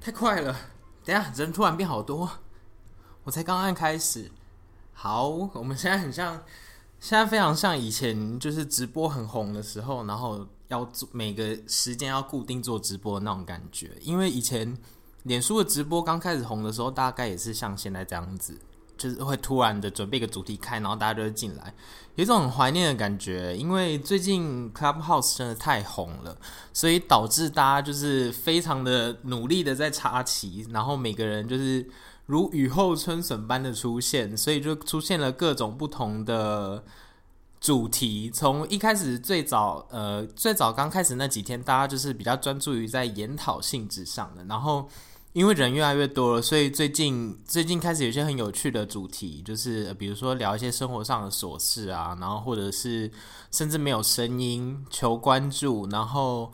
太快了！等一下人突然變好多，我才剛按開始。好，我們現在很像，現在非常像以前，就是直播很紅的時候，然後要做每個時間要固定做直播的那種感覺。因為以前臉書的直播剛開始紅的時候，大概也是像現在這樣子。就是會突然的準備一個主題開，然後大家就會進來，有一種很懷念的感覺。因為最近 Clubhouse 真的太紅了，所以導致大家就是非常的努力的在插旗，然後每個人就是如雨後春筍般的出現，所以就出現了各種不同的主題。從一開始最早，呃，最早剛開始那幾天，大家就是比較專注於在研討性質上的，然後。因為人越來越多了，所以最近最近開始有些很有趣的主題，就是比如說聊一些生活上的瑣事啊，然後或者是甚至沒有聲音求關注，然後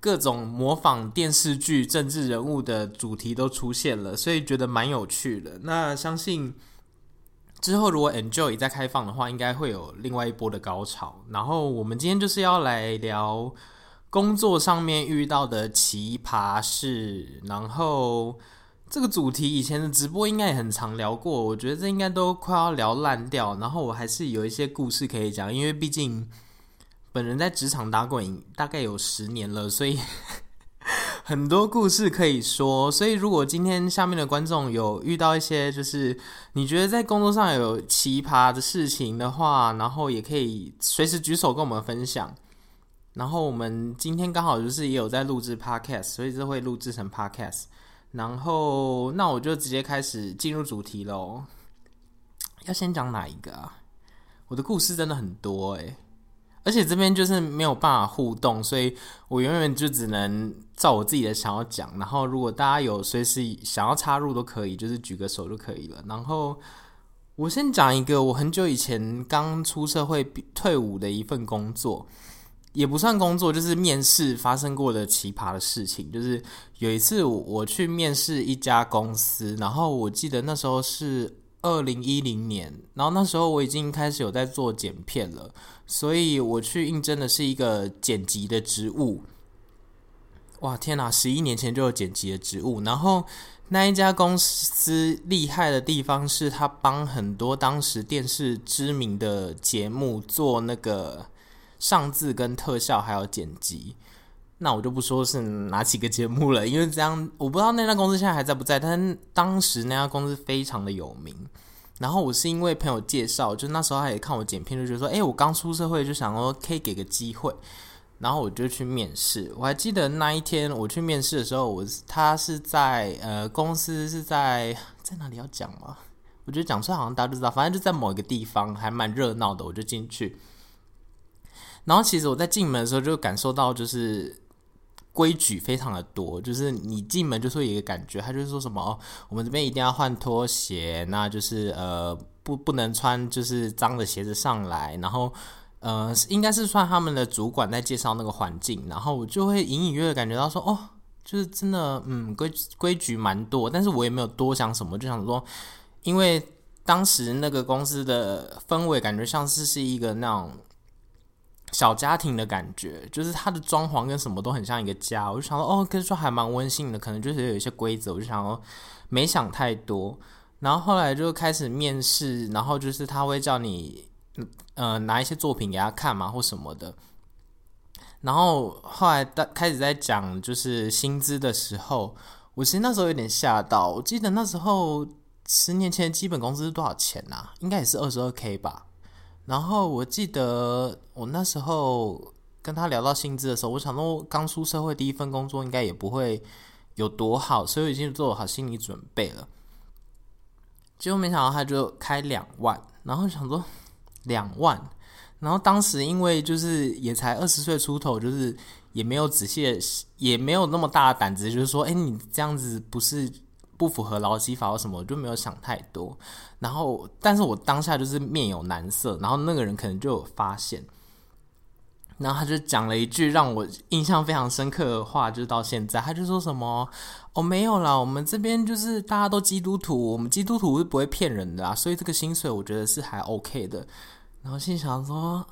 各種模仿電視劇、政治人物的主題都出現了，所以覺得蠻有趣的。那相信之後如果 Enjoy 再開放的話，應該會有另外一波的高潮。然後我們今天就是要來聊。工作上面遇到的奇葩事，然後這個主題以前的直播應該也很常聊過，我覺得這應該都快要聊爛掉，然後我還是有一些故事可以講，因為畢竟本人在職場打滾大概有十年了，所以很多故事可以說。所以如果今天下面的觀眾有遇到一些，就是你覺得在工作上有奇葩的事情的話，然後也可以隨時舉手跟我們分享。然後我們今天剛好就是也有在錄製 Podcast，所以就會錄製成 Podcast。然後那我就直接開始進入主題嘍。要先講哪一個啊？我的故事真的很多哎、欸，而且這邊就是沒有辦法互動，所以我永遠就只能照我自己的想要講。然後如果大家有隨時想要插入都可以，就是舉個手就可以了。然後我先講一個我很久以前剛出社會退伍的一份工作，也不算工作，就是面試發生過的奇葩的事情。就是有一次我，我去面試一家公司，然後我記得那時候是二零一零年，然後那時候我已經開始有在做剪片了，所以我去應徵的是一個剪輯的職務。哇，天哪，十一年前就有剪輯的職務！然後那一家公司厲害的地方是，他幫很多當時電視知名的節目做那個。上字跟特效還有剪輯，那我就不說是哪幾個節目了，因為這樣，我不知道那家公司現在還在不在，但是當時那家公司非常的有名。然後我是因為朋友介紹，就那時候他也看我剪片，就覺得說：“誒、欸，我剛出社會就想說可以給個機會。”然後我就去面試。我還記得那一天我去面試的時候，我他是在呃公司是在在哪裡要講嗎？我覺得講出來好像大家都知道，反正就在某一個地方，還蠻熱鬧的，我就進去。然後其實我在進門的時候就感受到，就是規矩非常的多，就是你進門就會有一個感覺，他就是說什麼哦，我們這邊一定要換拖鞋，那就是呃不不能穿就是髒的鞋子上來，然後呃應該是算他們的主管在介紹那個環境，然後我就會隱隱約的感覺到說哦，就是真的嗯規規矩蠻多，但是我也沒有多想什麼，就想說，因為當時那個公司的氛圍感覺像是是一個那種。小家庭的感覺，就是他的裝潢跟什麼都很像一個家。我就想說哦，跟你說還蠻溫馨的，可能就是有一些規則。我就想說，沒想太多。然後後來就開始面試，然後就是他會叫你，呃，拿一些作品給他看嘛，或什麼的。然後後來大開始在講就是薪資的時候，我其實那時候有點嚇到。我記得那時候十年前基本工資是多少錢啊？應該也是二十二 K 吧。然後我記得我那時候跟他聊到薪資的時候，我想說我剛出社會第一份工作應該也不會有多好，所以我已經做好心理準備了。結果沒想到他就開兩萬，然後想說兩萬，然後當時因為就是也才二十歲出頭，就是也沒有仔細的，也沒有那麼大的膽子，就是說，誒，你這樣子不是。不符合勞基法或什麼，我就沒有想太多。然後，但是我當下就是面有難色。然後那個人可能就有發現，然後他就講了一句讓我印象非常深刻的話，就是到現在他就說什麼：“哦，沒有啦，我們這邊就是大家都基督徒，我們基督徒是不會騙人的，所以這個薪水我覺得是還 OK 的。”然後心想說：“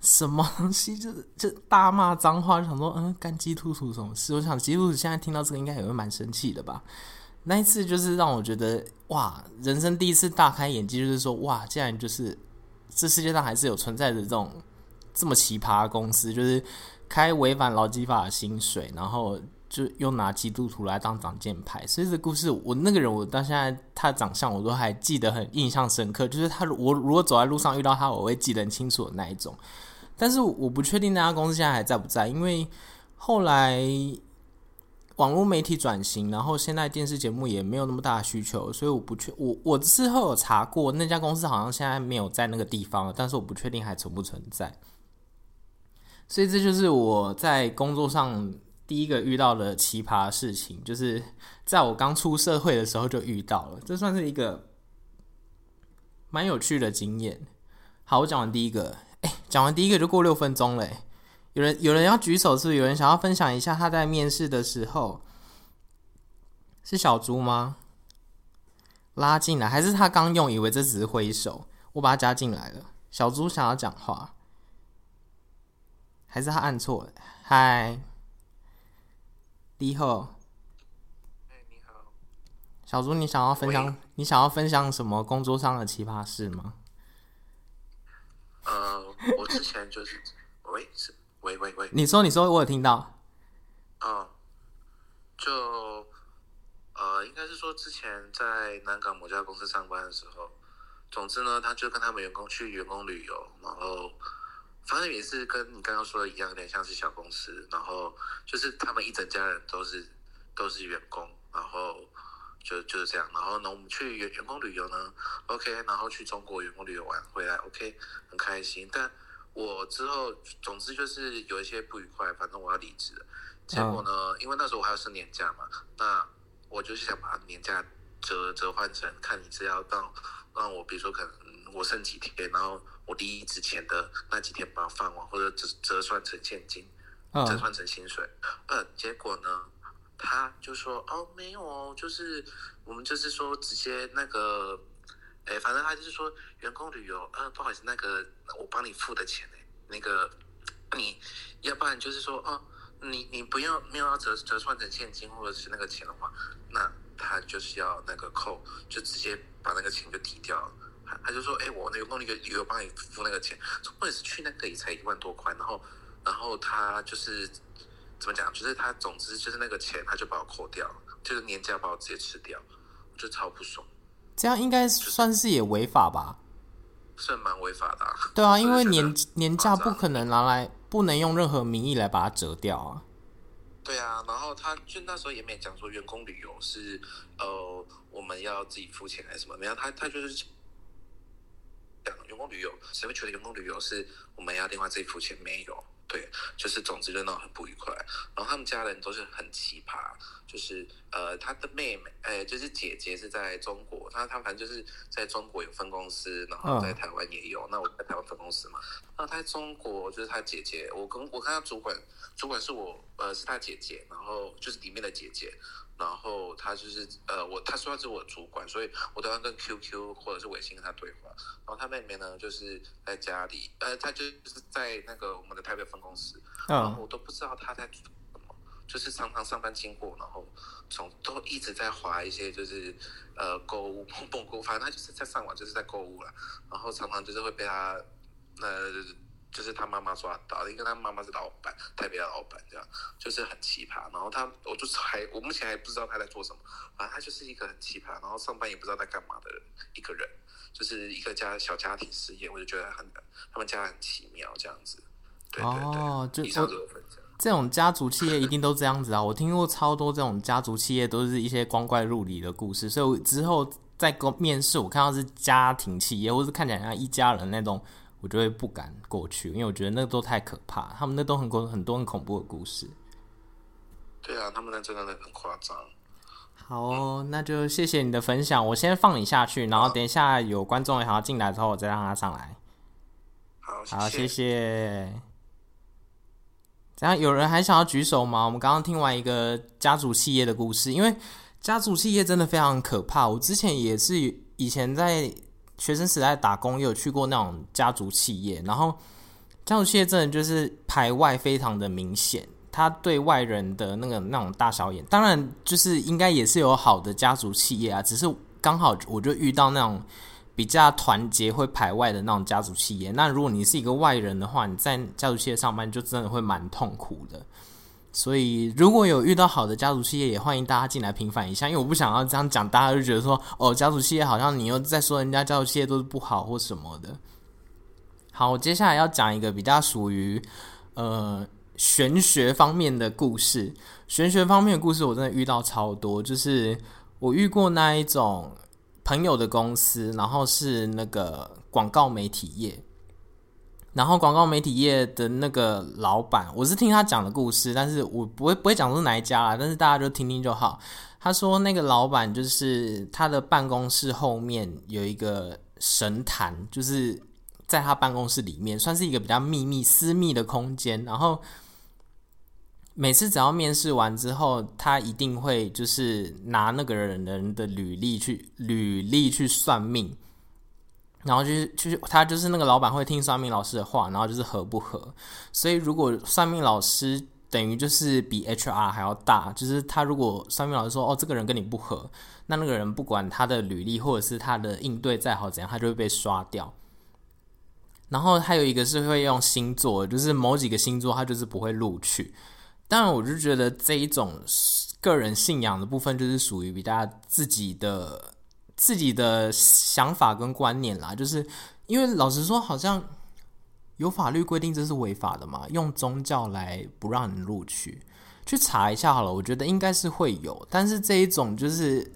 什麼東西？就是就大罵髒話，想說，嗯，干基督徒什麼事？我想基督徒現在聽到這個應該也會蠻生氣的吧。”那一次就是讓我覺得哇，人生第一次大開眼界，就是說哇，竟然就是這世界上還是有存在着這種這麼奇葩的公司，就是開違反勞基法的薪水，然後就又拿基督徒來當擋箭牌。所以這個故事，我那個人我到現在他長相我都還記得很印象深刻，就是他，我如果走在路上遇到他，我會記得很清楚的那一種。但是我不確定那家公司現在還在不在，因為後來。網絡媒體轉型，然後現在電視節目也沒有那麼大的需求，所以我不確我我之後有查過那家公司，好像現在沒有在那個地方了，但是我不確定還存不存在。所以這就是我在工作上第一個遇到的奇葩事情，就是在我剛出社會的時候就遇到了，這算是一個蠻有趣的經驗。好，我講完第一個，哎、欸，講完第一個就過六分鐘嘞、欸。有人，有人要舉手，是不是有人想要分享一下他在面試的時候？是小豬嗎？拉進來還是他剛用？以為這只是揮手，我把他加進來了。小豬想要講話，還是他按錯了？嗨，你好，哎，你好，小豬，你想要分享也你想要分享什麼工作上的奇葩事嗎？呃，uh, 我之前就是，Wait，是。喂喂喂！你說你說，我有聽到。嗯，就呃，應該是說之前在南港某家公司上班的時候，總之呢，他就跟他們員工去員工旅遊，然後反正也是跟你剛剛說的一樣，有點像是小公司，然後就是他們一整家人都是都是員工，然後就就是這樣，然後呢，我們去員員工旅遊呢，OK，然後去中國員工旅遊玩回來，OK，很開心，但。我之後，總之就是有一些不愉快，反正我要離職了。結果呢，uh. 因為那時候我還有剩年假嘛，那我就是想把年假折折換成，看你是要到，讓我，比如說可能我剩幾天，然後我離職前的那幾天把它放完，或者折折算成現金，折算成薪水。Uh. 嗯，結果呢，他就說哦，沒有、哦，就是我們就是說直接那個，哎、欸，反正他就是說員工旅遊，呃，不好意思，那個。那我幫你付的錢哎、欸，那個你要不然就是說哦，你你不要沒有要折折算成現金或者是那個錢的話，那他就是要那個扣，就直接把那個錢就抵掉了。他他就說哎、欸，我那個弄了一個，我幫你付那個錢，不管是去那個也才一萬多塊，然後然後他就是怎麼講，就是他總之就是那個錢他就把我扣掉，就是年假把我直接吃掉，我就超不爽。這樣應該算是也違法吧？就是是蠻違法的啊。對啊，因為年年假不可能拿來，不能用任何名義來把它折掉啊。對啊，然後他就那時候也沒講說員工旅遊是，呃，我們要自己付錢還是什麼？沒有，他他就是講員工旅遊，誰會覺得員工旅遊是我們要另外自己付錢，沒有。對，就是總之就鬧很不愉快，然後他們家人都是很奇葩，就是呃，他的妹妹，哎、欸，就是姐姐是在中國，他他反正就是在中國有分公司，然後在台灣也有，那我在台灣分公司嘛，那他在中國就是他姐姐，我跟我看他主管，主管是我，呃，是他姐姐，然後就是裡面的姐姐。然後他就是呃，我他說他是我主管，所以我都要跟 QQ 或者是微信跟他對話。然後他妹妹呢，就是在家裡，呃，他就是在那個我們的台北分公司，然後我都不知道他在做什麼，就是常常上班經過，然後從都一直在滑一些，就是呃購物蹦蹦購物，反正他就是在上網，就是在購物啦，然後常常就是會被他呃。就是就是他媽媽抓到的，因為他媽媽是老闆，台北的老闆，這樣就是很奇葩。然後他，我就還，我目前還不知道他在做什麼。反正他就是一個很奇葩，然後上班也不知道在幹嘛的人一個人，就是一個家小家庭事業，我就覺得很，他們家很奇妙這樣子。對對對哦，就我這種家族企業一定都這樣子啊！ 我聽過超多這種家族企業都是一些光怪陸離的故事。所以我之後在公面試，我看到是家庭企業，或是看起來像一家人那種。我就會不敢過去，因為我覺得那都太可怕，他們那都很恐很多很恐怖的故事。對啊，他們那真的很誇張。好哦，嗯、那就謝謝你的分享，我先放你下去，然後等一下有觀眾也想要進來之後，我再讓他上來。好，謝謝。好，謝謝。這樣有人還想要舉手嗎？我們剛剛聽完一個家族企業的故事，因為家族企業真的非常可怕。我之前也是以前在。學生時代打工，也有去過那種家族企業，然後家族企業真的就是排外非常的明顯，他對外人的那個那種大小眼，當然就是應該也是有好的家族企業啊，只是剛好我就遇到那種比較團結會排外的那種家族企業。那如果你是一個外人的話，你在家族企業上班就真的會蠻痛苦的。所以，如果有遇到好的家族企業，也歡迎大家進來平反一下。因為我不想要這樣講，大家就覺得說，哦，家族企業好像你又在說人家家族企業都是不好或什麼的。好，我接下來要講一個比較屬於呃玄學方面的故事。玄學方面的故事，我真的遇到超多。就是我遇過那一種朋友的公司，然後是那個廣告媒體業。然後廣告媒體業的那個老闆，我是聽他講的故事，但是我不會不會講出哪一家啦，但是大家就聽聽就好。他說那個老闆就是他的辦公室後面有一個神壇，就是在他辦公室裡面，算是一個比較祕密，私密的空間。然後每次只要面試完之後，他一定會就是拿那個人的人的履歷去，履歷去算命。然後就是，就是他就是那個老闆會聽算命老師的話，然後就是合不合。所以如果算命老師等於就是比 HR 還要大，就是他如果算命老師說哦，這個人跟你不合，那那個人不管他的履歷或者是他的應對再好怎樣，他就會被刷掉。然後還有一個是會用星座，就是某幾個星座他就是不會錄取。但我就覺得這一種個人信仰的部分就是屬於比大家自己的。自己的想法跟觀念啦，就是因為老實說，好像有法律規定這是違法的嘛，用宗教來不讓你錄取，去查一下好了。我覺得應該是會有，但是這一種就是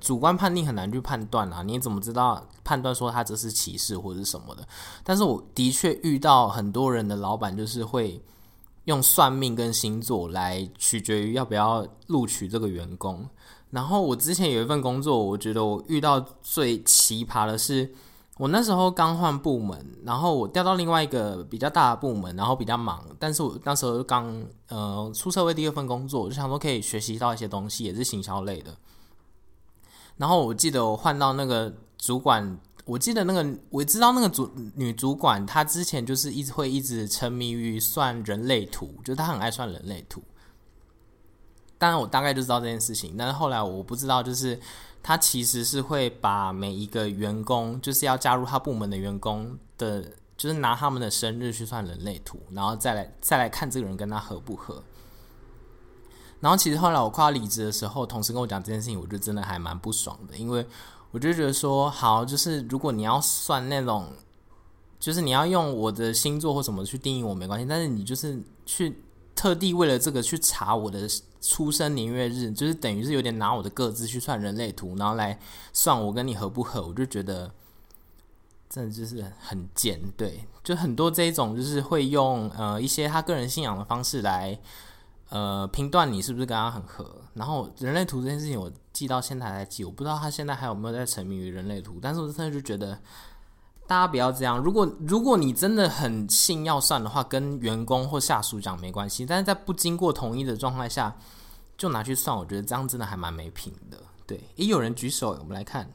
主觀判定很難去判斷啊。你怎麼知道判斷說他這是歧視或者什麼的？但是我的確遇到很多人的老闆就是會用算命跟星座來取決於要不要錄取這個員工。然後我之前有一份工作，我覺得我遇到最奇葩的是，我那時候剛換部門，然後我調到另外一個比較大的部門，然後比較忙。但是我那時候剛呃，出社會第二份工作，我就想說可以學習到一些東西，也是行銷類的。然後我記得我換到那個主管，我記得那個我知道那個主女主管，她之前就是一直會一直沉迷於算人類圖，就她很愛算人類圖。當然，我大概就知道這件事情，但是後來我不知道，就是他其實是會把每一個員工，就是要加入他部門的員工的，就是拿他們的生日去算人類圖，然後再來再來看這個人跟他合不合。然後其實後來我快要離職的時候，同事跟我講這件事情，我就真的還蠻不爽的，因為我就覺得說，好，就是如果你要算那種，就是你要用我的星座或什麼去定義我，沒關係，但是你就是去。特地為了這個去查我的出生年月日，就是等於是有點拿我的個資去算人類圖，然後來算我跟你合不合。我就覺得，真的就是很賤，對，就很多這一種就是會用呃一些他個人信仰的方式來呃評斷你是不是跟他很合。然後人類圖這件事情，我記到現在還在記，我不知道他現在還有沒有在沉迷於人類圖，但是我真的就覺得。大家不要這樣。如果，如果你真的很信要算的話，跟員工或下屬講沒關係。但是在不經過同意的狀態下就拿去算，我覺得這樣真的還蠻沒品的。對，也、欸、有人舉手、欸，我們來看，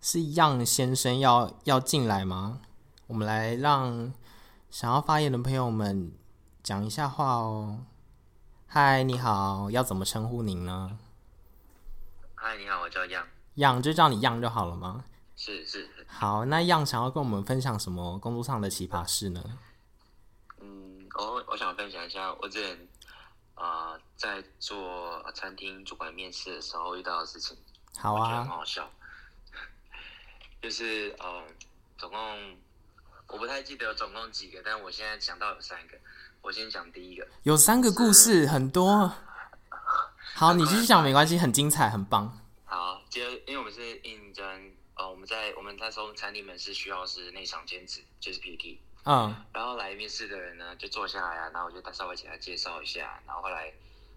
是楊先生要要進來嗎？我們來讓想要發言的朋友們講一下話哦、喔。嗨，你好，要怎麼稱呼您呢？嗨，你好，我叫楊。樣就叫你樣就好了嗎？是是。是是。好，那樣想要跟我們分享什麼工作上的奇葩事呢？嗯，我我想分享一下我之前啊、呃、在做餐廳主管面試的時候遇到的事情。好啊。我覺得很好笑。好啊、就是嗯、呃，總共我不太記得總共幾個，但我現在想到有三個。我先講第一個。有三個故事，三個很多。 好，你繼續講沒關係，很精彩，很棒。好。接，因為我們是應徵，哦，我們在我們那時候餐廳門市是需要是內場兼職，就是 PT，嗯，然後來面試的人呢就坐下來啊，然後我就稍微給他介紹一下，然後後來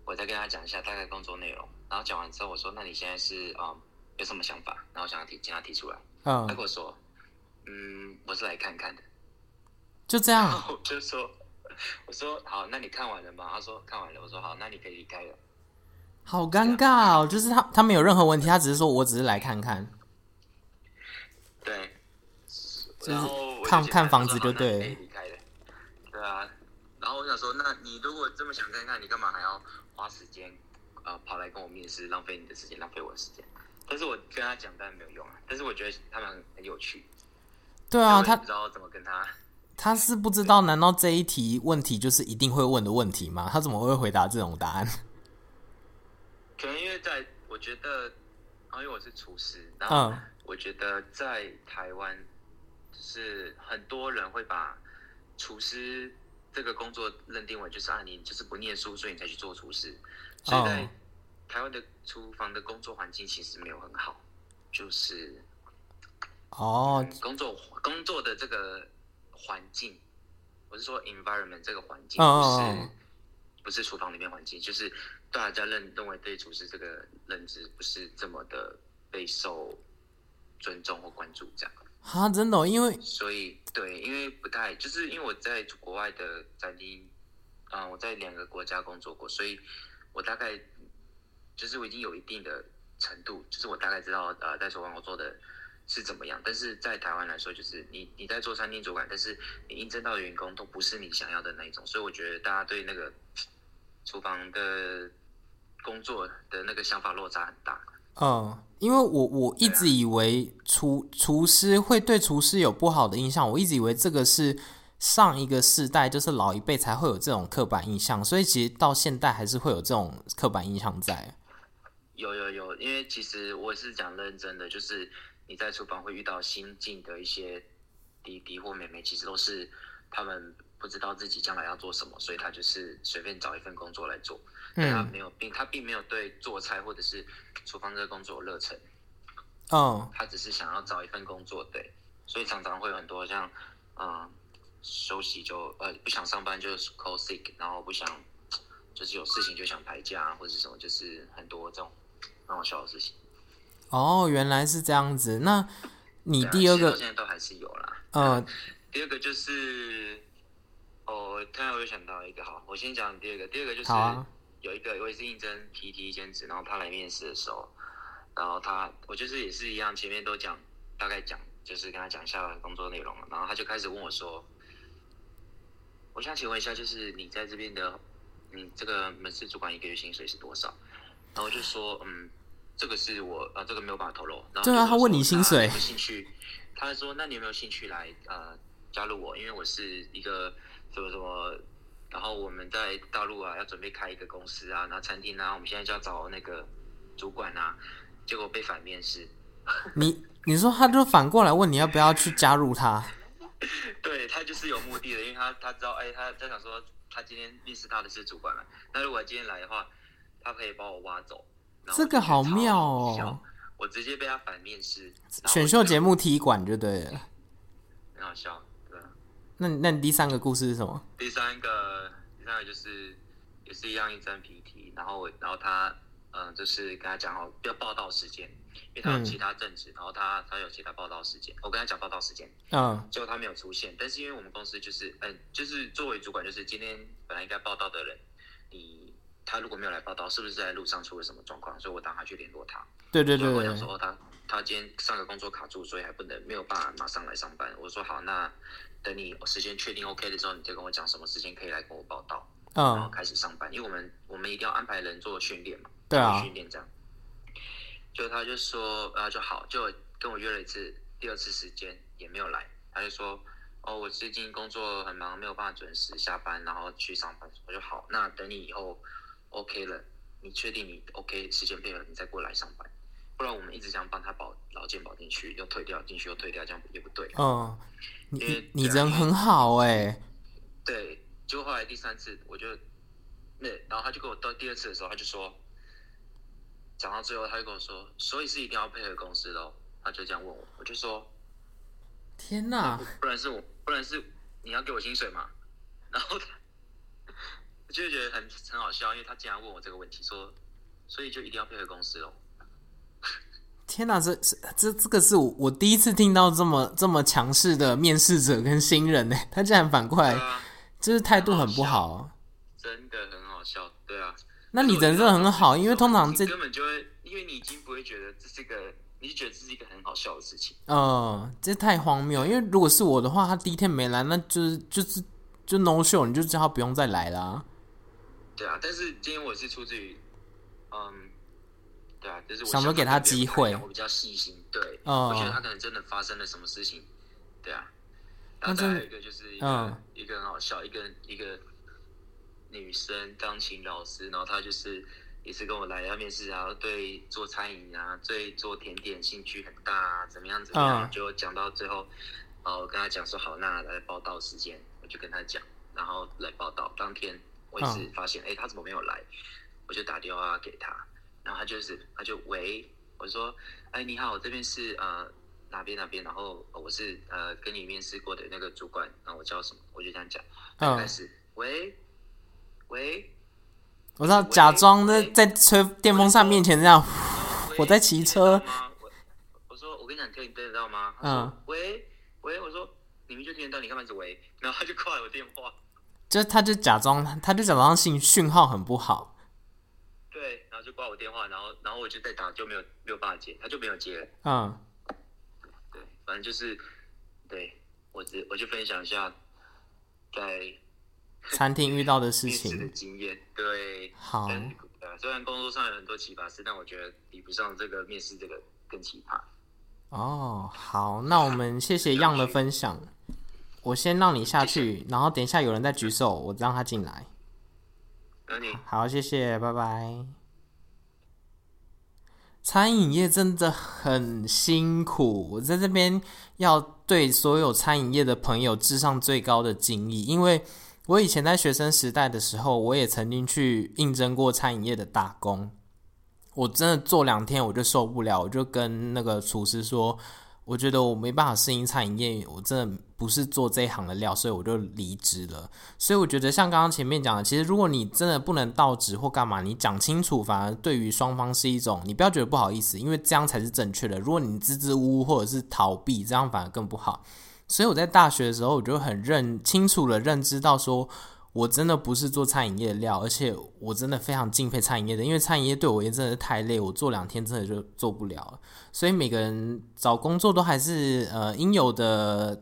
我再跟他講一下大概工作內容，然後講完之後我說，那你現在是嗯、呃、有什麼想法？然後想要提，請他提出來，嗯，uh. 他跟我說，嗯，我是來看看的，就這樣，然後我就說，我說好，那你看完了嗎？他說看完了，我說好，那你可以離開了。好尷尬哦，就是他，他沒有任何問題，他只是說我只是來看看，看，對，然後看看房子就對。對啊，然後我想說，那你如果這麼想看看，你幹嘛還要花時間啊，跑來跟我面試，浪費你的時間，浪費我的時間。但是我跟他講，但沒有用啊。但是我覺得他們很有趣。對啊，他然後怎麼跟他，他是不知道，難道這一題問題就是一定會問的問題嗎？他怎麼會回答這種答案？對，因為在，在我覺得、哦，因為我是廚師，然後我覺得在台灣，就是很多人會把廚師這個工作認定為就是啊，你就是不念書，所以你才去做廚師。所以在、oh. 台灣的廚房的工作環境其實沒有很好，就是哦，工作、oh. 工作的這個環境，我是說 environment 這個環境不是、oh. 不是廚房裡面環境，就是。大家認認為對廚師這個認知不是這麼的備受尊重或關注，這樣啊？真的，因為所以對，因為不太就是因為我在國外的餐廳，啊，我在兩個國家工作過，所以我大概就是我已經有一定的程度，就是我大概知道呃，在廚房我做的是怎麼樣。但是在台灣來說，就是你你在做餐廳主管，但是你應徵到的員工都不是你想要的那一種，所以我覺得大家對那個廚房的。工作的那個想法落差很大。嗯，因為我我一直以為廚、啊、廚師會對廚師有不好的印象，我一直以為這個是上一個世代，就是老一輩才會有這種刻板印象，所以其實到現在還是會有這種刻板印象在。有有有，因為其實我是講認真的，就是你在廚房會遇到新進的一些弟弟或妹妹，其實都是他們不知道自己將來要做什麼，所以他就是隨便找一份工作來做。對，他沒有病，他並沒有對做菜或者是廚房這個工作有熱忱。哦，他只是想要找一份工作對，所以常常會有很多像嗯、呃、休息就呃不想上班就 call sick，然後不想就是有事情就想排假或者是什麼，就是很多這種讓我笑的事情。哦，原來是這樣子。那你第二個、啊、現在都還是有啦。呃、嗯，第二個就是，哦，突然我又想到一個好，我先講第二個，第二個就是。有一個，我也是應徵 PT 兼職，然後他來面試的時候，然後他，我就是也是一樣，前面都講，大概講，就是跟他講一下工作內容，然後他就開始問我說，我想請問一下，就是你在這邊的，你這個門市主管一個月薪水是多少？然後我就說，嗯，這個是我，呃、啊，這個沒有辦法透露。對啊，他問你薪水，他說，那你有沒有興趣來，呃，加入我？因為我是一個什麼什麼。然後我們在大陸啊，要準備開一個公司啊，然後餐廳啊。我們現在就要找那個主管啊，結果被反面試。你你說他就反過來問你要不要去加入他？ 對他就是有目的的，因為他他知道，哎、欸，他他想說，他今天面試他的是主管嘛，那如果今天來的話，他可以把我挖走。這個好妙哦！我直接被他反面試，選秀節目踢館就對了，很好笑。那你那你第三個故事是什麼？第三個第三個就是也是一樣一張 PPT。然後然後他嗯、呃、就是跟他講好、哦、要報到時間，因為他有其他正職，嗯、然後他他有其他報到時間，我跟他講報到時間，嗯、哦，結果他沒有出現，但是因為我們公司就是嗯、呃、就是作為主管，就是今天本來應該報到的人，你他如果沒有來報到，是不是在路上出了什麼狀況？所以我等他去聯絡他，對對，對對對，我想說、哦、他他今天上個工作卡住，所以還不能沒有辦法馬上來上班，我說好那。等你時間確定 OK 的時候，你再跟我講什麼時間可以來跟我報到，嗯、然後開始上班。因為我們我們一定要安排人做訓練嘛，對、啊，做訓練這樣。就他就說啊，就好，就跟我約了一次，第二次時間也沒有來。他就說哦，我最近工作很忙，沒有辦法準時下班，然後去上班。我就好，那等你以後 OK 了，你確定你 OK 時間配合，你再過來上班。不然我們一直這樣幫他保勞健保進去又退掉，進去又退掉，這樣也不對。嗯。你人很好哎、欸、啊，對，就後來第三次，我就那，然後他就跟我到第二次的時候，他就說，講到最後，他就跟我說，所以是一定要配合公司嘍？他就這樣問我，我就說，天哪、嗯，不然是我，不然是你要給我薪水嘛，然後他，我就覺得很很好笑，因為他竟然問我這個問題，說，所以就一定要配合公司嘍？天吶、啊，這是這這個是我我第一次聽到這麼這麼強勢的面試者跟新人呢，他竟然反過來，啊、就是態度很不好、啊真的很好，真的很好笑，對啊，那你人設很好，很好笑，因為通常這根本就會，因為你已經不會覺得這是一個，你覺得這是一個很好笑的事情，嗯、呃，這太荒謬，因為如果是我的話，他第一天沒來，那就是就是就 no show，你就只好不用再來啦、啊，對啊，但是今天我是出自於，嗯。對啊，就是我想說給他機會，我比較細心。對，我覺得他可能真的發生了什麼事情。對啊，那還、嗯、有一個就是個，嗯，一個很好笑，一個一個女生鋼琴老師，然後她就是也是跟我來要面試，然後對做餐飲啊，對做甜點興趣很大啊，怎麼樣怎麼樣，嗯、就講到最後，哦，我跟她講說好，那來報到時間，我就跟她講，然後來報到。當天我也是發現，哎、嗯，她、欸、怎麼沒有來？我就打電話給她。然後他就是，他就喂，我說，哎，你好，我這邊是呃哪邊哪邊，然後我是呃跟你面試過的那個主管，然後我叫什麼，我就這樣講。開始嗯，喂，喂，我知道，假裝那在吹喂電風扇面前這樣，喂我在騎車我。我說，我跟你講，聽你聽得到嗎？他說嗯。喂，喂，我說，你們就聽得到，你干嘛一直喂？然後他就掛了我電話。就他就假裝，他就假裝，就假裝信訊號很不好。掛我電話，然後然後我就再打，就沒有沒有辦法接，他就沒有接了。嗯、對，反正就是，對我只我就分享一下在餐廳遇到的事情 的經驗。對，好、嗯，雖然工作上有很多奇葩事，但我覺得比不上這個面試這個更奇葩。哦，好，那我們謝謝樣、啊、的分享，我先讓你下去，謝謝，然後等一下有人在舉手，我讓他進來。等你，好，謝謝，拜拜。餐飲業真的很辛苦，我在這邊要對所有餐飲業的朋友致上最高的敬意，因為我以前在學生時代的時候，我也曾經去應徵過餐飲業的打工，我真的做兩天我就受不了，我就跟那個廚師說。我覺得我沒辦法適應餐飲業，我真的不是做這一行的料，所以我就離職了。所以我覺得像剛剛前面講的，其實如果你真的不能到職或幹嘛，你講清楚，反而對於雙方是一種，你不要覺得不好意思，因為這樣才是正確的。如果你支支吾吾或者是逃避，這樣反而更不好。所以我在大學的時候，我就很認清楚的認知到說。我真的不是做餐飲業的料，而且我真的非常敬佩餐飲業的，因為餐飲業對我也真的是太累，我做兩天真的就做不了了。所以每個人找工作都還是呃應有的，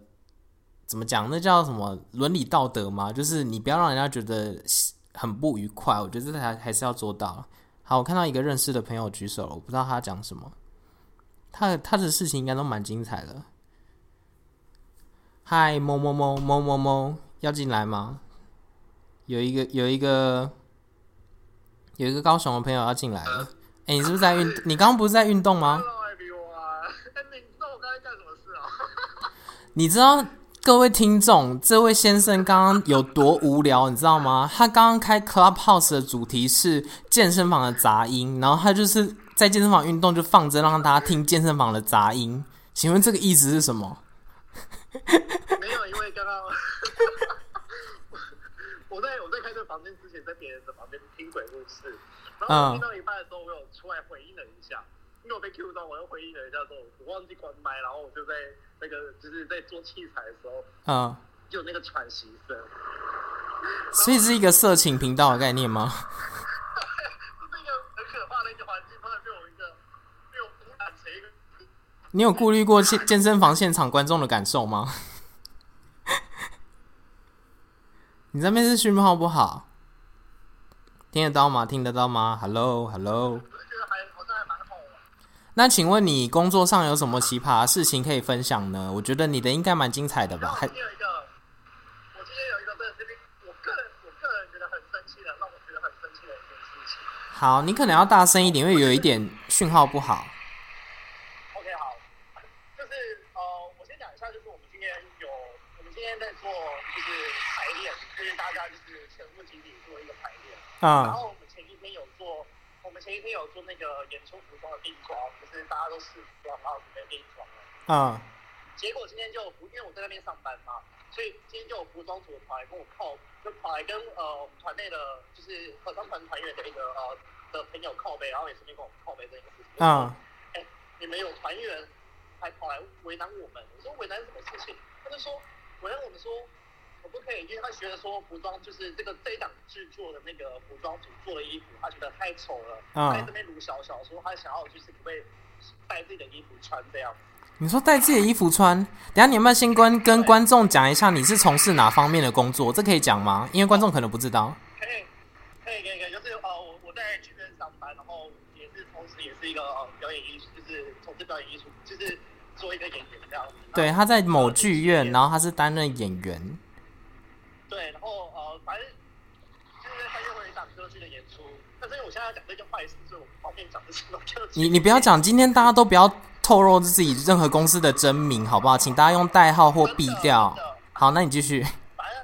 怎麼講？那叫什麼倫理道德嗎？就是你不要讓人家覺得很不愉快，我覺得這還還是要做到。好，我看到一個認識的朋友舉手了，我不知道他講什麼，他他的事情應該都蠻精彩的。嗨，某某某某某某要進來嗎？有一個有一個有一個高雄的朋友要進來了。哎、呃欸，你是不是在運？啊、你剛剛不是在運動嗎、啊啊？你知道我剛剛幹什麼事啊？你知道各位聽眾，這位先生剛剛有多無聊，你知道嗎？他剛剛開 Clubhouse 的主題是健身房的雜音，然後他就是在健身房運動就放着讓大家聽健身房的雜音。請問這個意思是什麼？沒有剛剛，因為剛剛。旁邊之前在別人的旁邊聽鬼故事，然後我聽到一半的時候，我有出來回應了一下，因為我被 cue 到，我又回應了一下說，之後我忘記關麥，然後我就在那個就是在做器材的時候，嗯，就有那個喘息聲。所以是一個色情頻道的概念嗎？這是一個很可怕的一個環境，突然被我一個被我鼓感情。你有顧慮過健健身房現場觀眾的感受嗎？你這邊是訊號不好，聽得到嗎？聽得到嗎？Hello，Hello。Hello? Hello? 那請問你工作上有什麼奇葩的事情可以分享呢？我覺得你的應該蠻精彩的吧。今天有一個，我今天有一個在這邊，我個人我個人覺得很生氣的，讓我覺得很生氣的一件事情。好，你可能要大聲一點，因為有一點訊號不好。就是、OK，好，就是呃，我先講一下，就是我們今天有。今天在做就是排練，就是大家就是全部集體做一個排練啊。Uh, 然後我們前一天有做，我們前一天有做那個演出服裝的定妝，就是大家都試服裝，然後準備定妝了啊。結果今天就，因為我在那邊上班嘛，所以今天就有服裝組的跑來跟我靠，就跑來跟呃我們團內的就是合唱團團員的一個呃的朋友靠背，然後也順便跟我們靠背這件事情啊。哎、uh, 欸，你們有團員還跑來為難我們？我說為難什麼事情？他就說。我跟我們說，我不可以，因為他覺得說服裝就是這個這一檔制作的那個服裝組做的衣服，他覺得太醜了。啊，在這邊魯小小說，他想要就是可不可以帶自己的衣服穿這樣。嗯、你說帶自己的衣服穿，等下你有沒有先跟跟觀眾講一下你是從事哪方面的工作？對這可以講嗎？因為觀眾可能不知道。可以可以可以，就是我我在劇院上班，然後也是同時也是一個、嗯、表演藝術，就是從事表演藝術，就是。做一個演員這樣子。對，他在某劇院，呃、然後他是擔任演員。對，然後呃，反正就是他就會當歌劇的演出。但是因為我現在要講這件壞事，就不方便講這種歌劇。你你不要講，今天大家都不要透露自己任何公司的真名，好不好？請大家用代號或 B 掉。好，那你繼續。反正，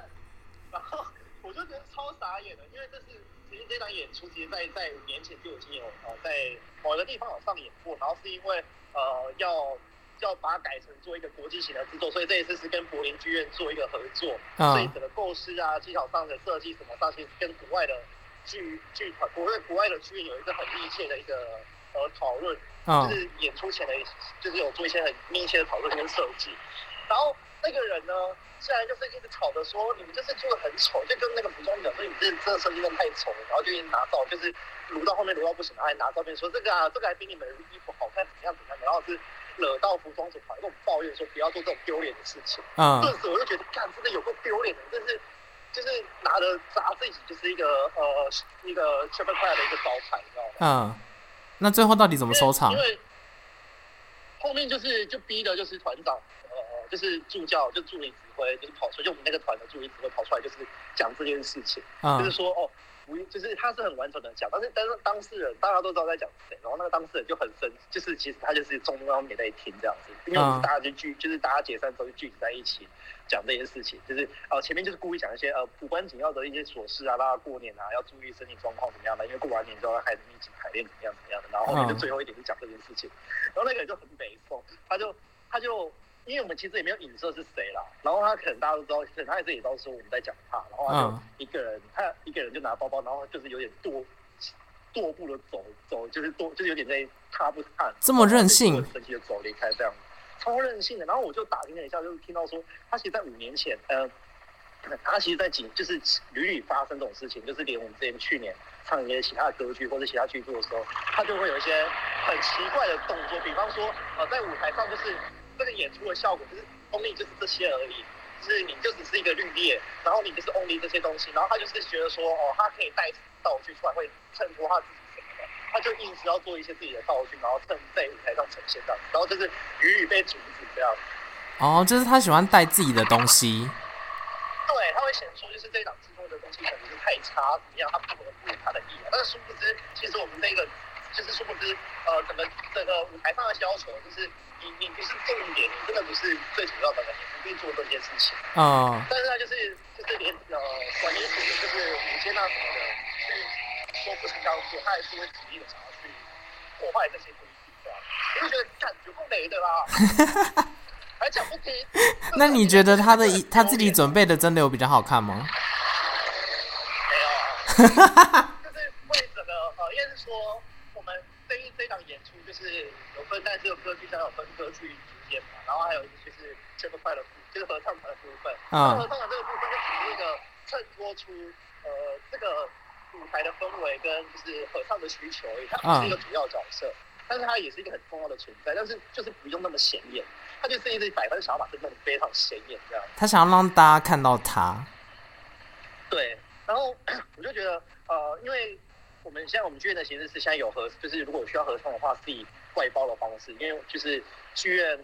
然後我就覺得超傻眼的，因為這是其實這場演出，其實在在五年前就已經有呃在某個地方有上演過，然後是因為呃要。要把它改成做一個國際型的製作，所以這一次是跟柏林劇院做一個合作。所以整個構思啊、技巧上的設計什麼，這些跟國外的劇劇團、國外國外的劇院有一個很密切的一個呃討論。就是演出前的，就是有做一些很密切的討論跟設計。然後那個人呢，現在就是一直吵着說，你們就是做得很醜，就跟那個服裝講，說，你們這這設計真的太醜了。然後就一直拿到，就是盧到後面盧到不行，還拿，拿照片說這個啊，這個還比你們的衣服好看，怎麼樣怎麼樣？然後是。惹到服裝組團跟我抱怨說，不要做這種丟臉的事情，頓、嗯、時我就覺得，幹，這個有夠丟臉的，但是，就是拿着砸自己，就是一個呃，那個 c h e 的一個招牌，你知道嗎？嗯，那最後到底怎麼收場？因為，因為後面就是就逼的，就是團長呃，就是助教，就助理指揮，就是跑出來，就我們那個團的助理指揮跑出來，就是講這件事情，嗯、就是說哦。就是他是很完整的講，但是但是當事人大家都知道在講誰，然後那個當事人就很生氣，就是其實他就是中間也在聽這樣子，因為我們大家就聚，就是大家解散之後就聚集在一起講這件事情，就是哦、呃、前面就是故意講一些呃無關緊要的一些瑣事啊，大家過年啊要注意身體狀況怎麼樣的，因為過完年之後還要一起排練怎麼樣怎麼樣的，然後後面最後一點就講這件事情，然後那個人就很北風，他就他就。因為我們其實也沒有影射是誰啦，然後他可能大家都知道，可能他也是也知道說我們在講他，然後他就一個人，嗯、他一個人就拿包包，然後就是有點踱踱步的走走，就是踱就是有點在踏步看，這麼任性，就是，有神奇的走離開這樣，超任性的。然後我就打聽了一下，就是聽到說他其實，在五年前，呃，他其實，在幾就是屢屢發生這種事情，就是連我們之前去年唱一些其他的歌曲或者其他劇作的時候，他就會有一些很奇怪的動作，比方說、呃、在舞台上就是。演出的效果就是 only 就是這些而已，就是你就只是一個綠葉，然後你就是 only 這些東西，然後他就是覺得說，哦，他可以帶道具出來會襯托他自己什麼的，他就硬是要做一些自己的道具，然後趁在舞台上呈現這樣子，然後就是屢屢被阻止這樣子。哦，就是他喜歡帶自己的東西。對，他會顯出就是這一檔製作的東西可能是太差，怎麼樣，他不可能符合他的意義。但是殊不知，其實我們這個就是殊不知。呃，整個這個舞台上的消愁？就是你，你你不是重點，你真的不是最主要的人，你不必做這件事情。啊、哦。但是呢、就是，就是就是連呃，管理主的就是五千那什麼的，是說不成交，訴，他還是執意的想要去破壞這些東西，對吧？因為覺得感覺不美的啦，對吧 還講不聽。這個、 那你覺得他的一他自己準備的真的有比較好看嗎？呃、沒有、啊。就是為什麼？呃，因為是說。非常演出就是有分，但是這個歌劇上有分歌劇之間嘛，然後還有一個、嗯、就是這個快樂就是合唱團的部分啊，嗯、合唱團這個部分就只是那個襯托出呃這個舞台的氛圍跟就是合唱的需求，它不是一個主要角色，嗯、但是它也是一個很重要的存在，但是就是不用那麼顯眼，它就是一直百分之百想法，真的非常顯眼這樣，他想要讓大家看到他，對，然後 我就覺得呃，因為。我們現在我們劇院的形式是現在有合，就是如果需要合唱的話，是以外包的方式，因為就是劇院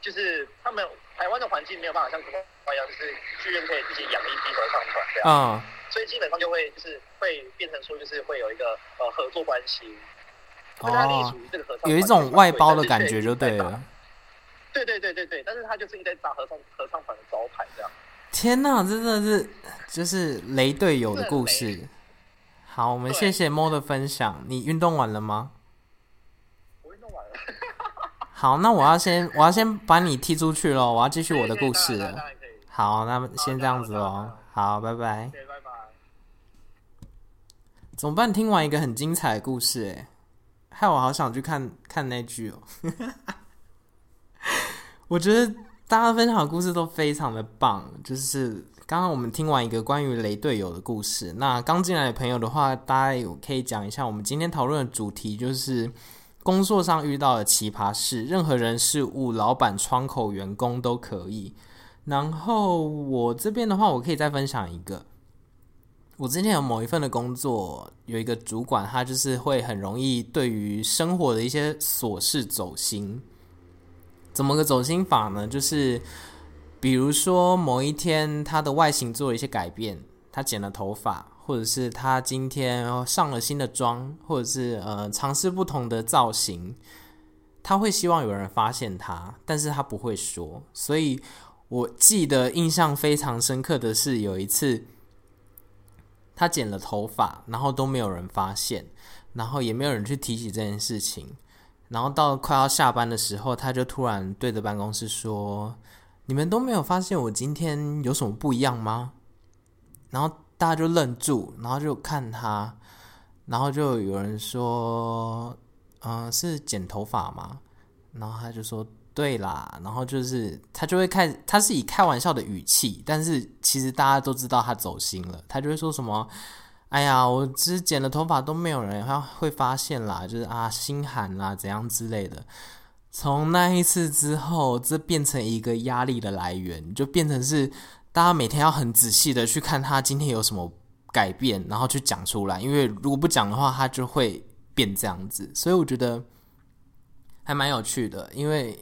就是他們台灣的環境沒有辦法像國外一樣，就是劇院可以自己養一批合唱團這樣，嗯、所以基本上就會就是會變成說就是會有一個呃合作關係，哦、它隸屬於這個合唱團，有一種外包的感覺就對了，對，對對對對對，但是他就是一直在打合唱、嗯、合唱團的招牌這樣。天哪，真的是就是雷隊友的故事。好，我們謝謝 Mo 的分享。你運動完了嗎？我運動完了。 好，那我要先，我要先把你踢出去咯。我要繼續我的故事了。好，那先這樣子咯。好，拜拜。拜拜。怎麼辦，聽完一個很精彩的故事，欸，哎，害我好想去看看那句哦、喔。 我覺得大家分享的故事都非常的棒，就是。剛剛我們聽完一個關於雷隊友的故事，那剛進來的朋友的話，大家可以講一下我們今天討論的主題，就是工作上遇到的奇葩事，任何人事物、老闆、窗口、員工都可以。然後我這邊的話，我可以再分享一個，我之前有某一份的工作，有一個主管，他就是會很容易對於生活的一些瑣事走心。怎麼個走心法呢？就是。比如說，某一天他的外形做了一些改變，他剪了頭髮，或者是他今天上了新的妝，或者是呃嘗試不同的造型，他會希望有人發現他，但是他不會說。所以我記得印象非常深刻的是，有一次他剪了頭髮，然後都沒有人發現，然後也沒有人去提起這件事情，然後到快要下班的時候，他就突然對着辦公室說，你們都沒有發現我今天有什麼不一樣嗎？然後大家就愣住，然後就看他，然後就有人說，嗯、呃，是剪頭髮嗎？然後他就說，對啦。然後就是他就會開，他是以開玩笑的語氣，但是其實大家都知道他走心了。他就會說什麼，哎呀，我只剪了頭髮都沒有人，他會發現啦，就是啊，心寒啦，怎樣之類的。從那一次之後，這變成一個壓力的來源，就變成是大家每天要很仔細的去看他今天有什麼改變，然後去講出來。因為如果不講的話，他就會變這樣子。所以我覺得還蠻有趣的，因為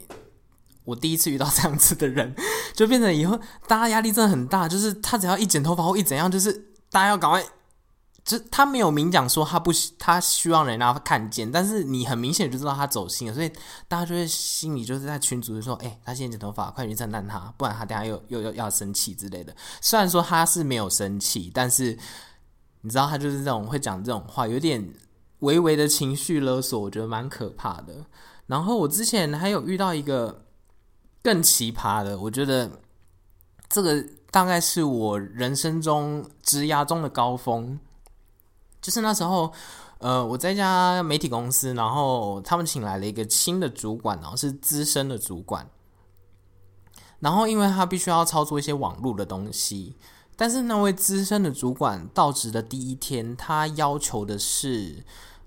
我第一次遇到這樣子的人，就變成以後大家壓力真的很大，就是他只要一剪頭髮或一怎樣，就是大家要趕快。就他沒有明講說他不，他希望人家看見，但是你很明顯就知道他走心了，所以大家就會心裡就是在群組，就說：“誒、欸，他現在剪頭髮，快去稱讚他，不然他等下又又，又，又要要生氣之類的。”雖然說他是沒有生氣，但是你知道他就是這種會講這種話，有點微微的情緒勒索，我覺得蠻可怕的。然後我之前還有遇到一個更奇葩的，我覺得這個大概是我人生中職涯中的高峰。就是那時候，呃，我在一家媒體公司，然後他們請來了一個新的主管，然後是資深的主管。然後，因為他必須要操作一些網絡的東西，但是那位資深的主管到職的第一天，他要求的是，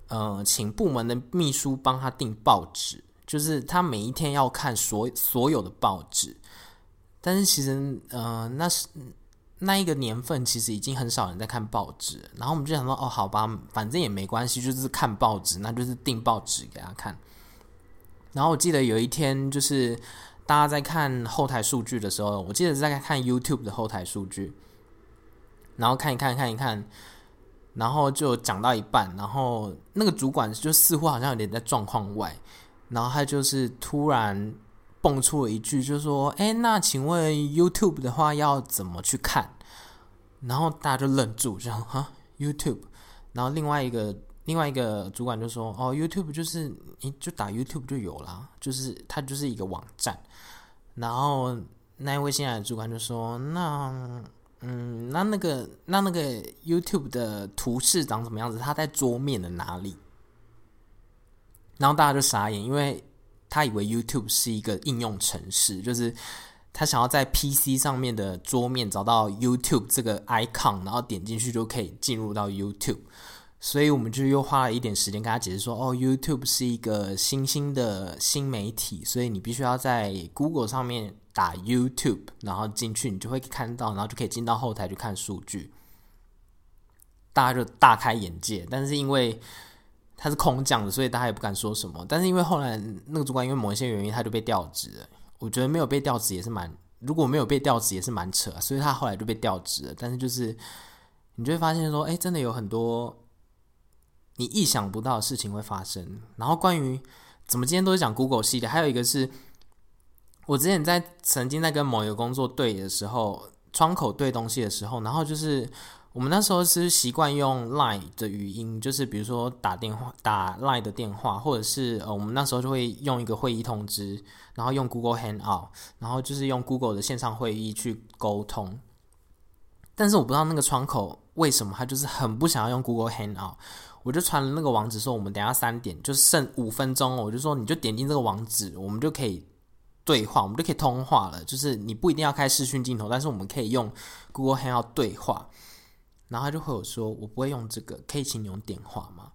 呃，請部門的秘書幫他訂報紙，就是他每一天要看所所有的報紙。但是，其實，呃，那是。那一個年份其實已經很少人在看報紙，然後我們就想說，哦，好吧，反正也沒關係，就是看報紙，那就是訂報紙給他看。然後我記得有一天，就是大家在看後台數據的時候，我記得在看 YouTube 的後台數據，然後看一看，看一看，然後就講到一半，然後那個主管就似乎好像有點在狀況外，然後他就是突然。蹦出了一句，就說：“哎，那請問 YouTube 的話要怎麼去看？”然後大家就愣住就，就哈 YouTube。然後另外一個另外一個主管就說：“哦，YouTube 就是你就打 YouTube 就有啦，就是它就是一個網站。”然後那一位新來的主管就說：“那嗯，那那個那那個 YouTube 的圖示長什麼樣子？它在桌面的哪裡？”然後大家就傻眼，因為，他以為 YouTube 是一個應用程式，就是他想要在 PC 上面的桌面找到 YouTube 這個 icon，然後點進去就可以進入到 YouTube。所以我們就又花了一點時間跟他解釋說，哦，YouTube 是一個新興的新媒體，所以你必須要在 Google 上面打 YouTube，然後進去你就會看到，然後就可以進到後台去看數據。大家就大開眼界，但是因為他是空降的，所以大家也不敢說什麼。但是因為後來那個主管因為某一些原因，他就被調職了。我覺得沒有被調職也是蠻，如果沒有被調職也是蠻扯，所以他後來就被調職了。但是就是，你就會發現說，哎、欸，真的有很多你意想不到的事情會發生。然後關於怎麼今天都是講 Google 系列，還有一個是，我之前在曾經在跟某一個工作對的時候，窗口對東西的時候，然後就是。我們那時候是習慣用 Line 的語音，就是比如說打電話、打 Line 的電話，或者是呃，我們那時候就會用一個會議通知，然後用 Google Hangout，然後就是用 Google 的線上會議去溝通。但是我不知道那個窗口為什麼他就是很不想要用 Google Hangout。我就傳了那個網址說，說我們等下三點就剩五分鐘，我就說你就點進這個網址，我們就可以對話，我們就可以通話了。就是你不一定要開視訊鏡頭，但是我們可以用 Google Hangout 對話。然後他就會有說：“我不會用這個，可以請你用電話嘛？”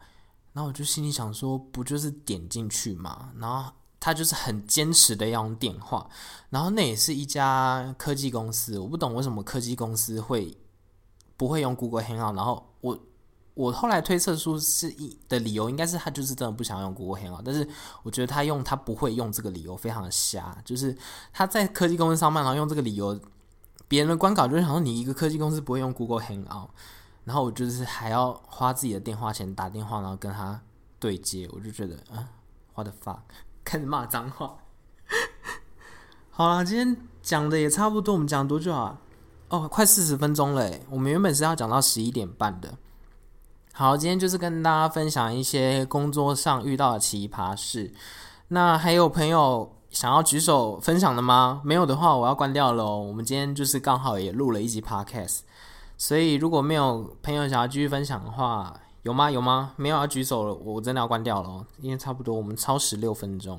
然後我就心裡想說：“不就是點進去嘛？”然後他就是很堅持的要用電話。然後那也是一家科技公司，我不懂為什麼科技公司會不會用 Google Hangout。然後我我後來推測出是一的理由，應該是他就是真的不想用 Google Hangout。但是我覺得他用他不會用這個理由非常的瞎，就是他在科技公司上班，然後用這個理由。別人的觀感就是好像你一個科技公司不會用 Google Hangout，然後我就是還要花自己的電話錢打電話，然後跟他對接，我就覺得啊，What the fuck，開始罵髒話。 好啦，今天講的也差不多，我們講了多久啊？哦，快四十分鐘了耶，我們原本是要講到十一點半的。好，今天就是跟大家分享一些工作上遇到的奇葩事，那還有朋友。想要舉手分享的嗎？沒有的話，我要關掉了喔。我們今天就是剛好也錄了一集 podcast，所以如果沒有朋友想要繼續分享的話，有嗎？有嗎？沒有要舉手了，我真的要關掉了喔，因為差不多我們超十六分鐘。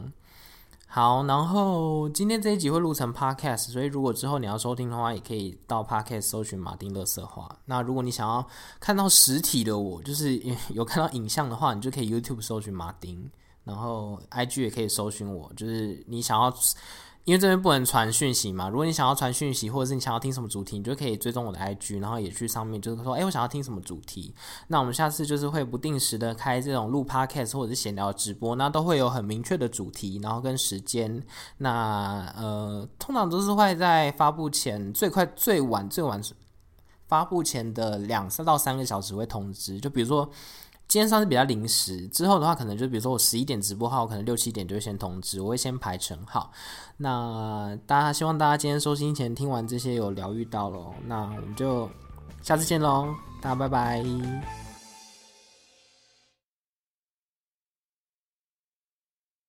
好，然後今天這一集會錄成 podcast，所以如果之後你要收聽的話，也可以到 podcast 搜尋馬丁垃圾話。那如果你想要看到實體的我，就是有看到影像的話，你就可以 YouTube 搜尋馬丁。然後，IG 也可以搜尋我，就是你想要，因為這邊不能傳訊息嘛。如果你想要傳訊息，或者是你想要聽什麼主題，你就可以追蹤我的 IG，然後也去上面就是說，誒，我想要聽什麼主題。那我們下次就是會不定時的開這種錄 Podcast 或者是閒聊直播，那都會有很明確的主題，然後跟時間。那呃，通常都是會在發佈前最快最晚最晚發佈前的兩三到三個小時會通知。就比如說。今天算是比較臨時，之後的話可能就比如說我十一點直播號，號我可能六七點就會先通知，我會先排程。好，那大家希望大家今天收心前聽完這些有療癒到咯。那我們就下次見嘍，大家拜拜。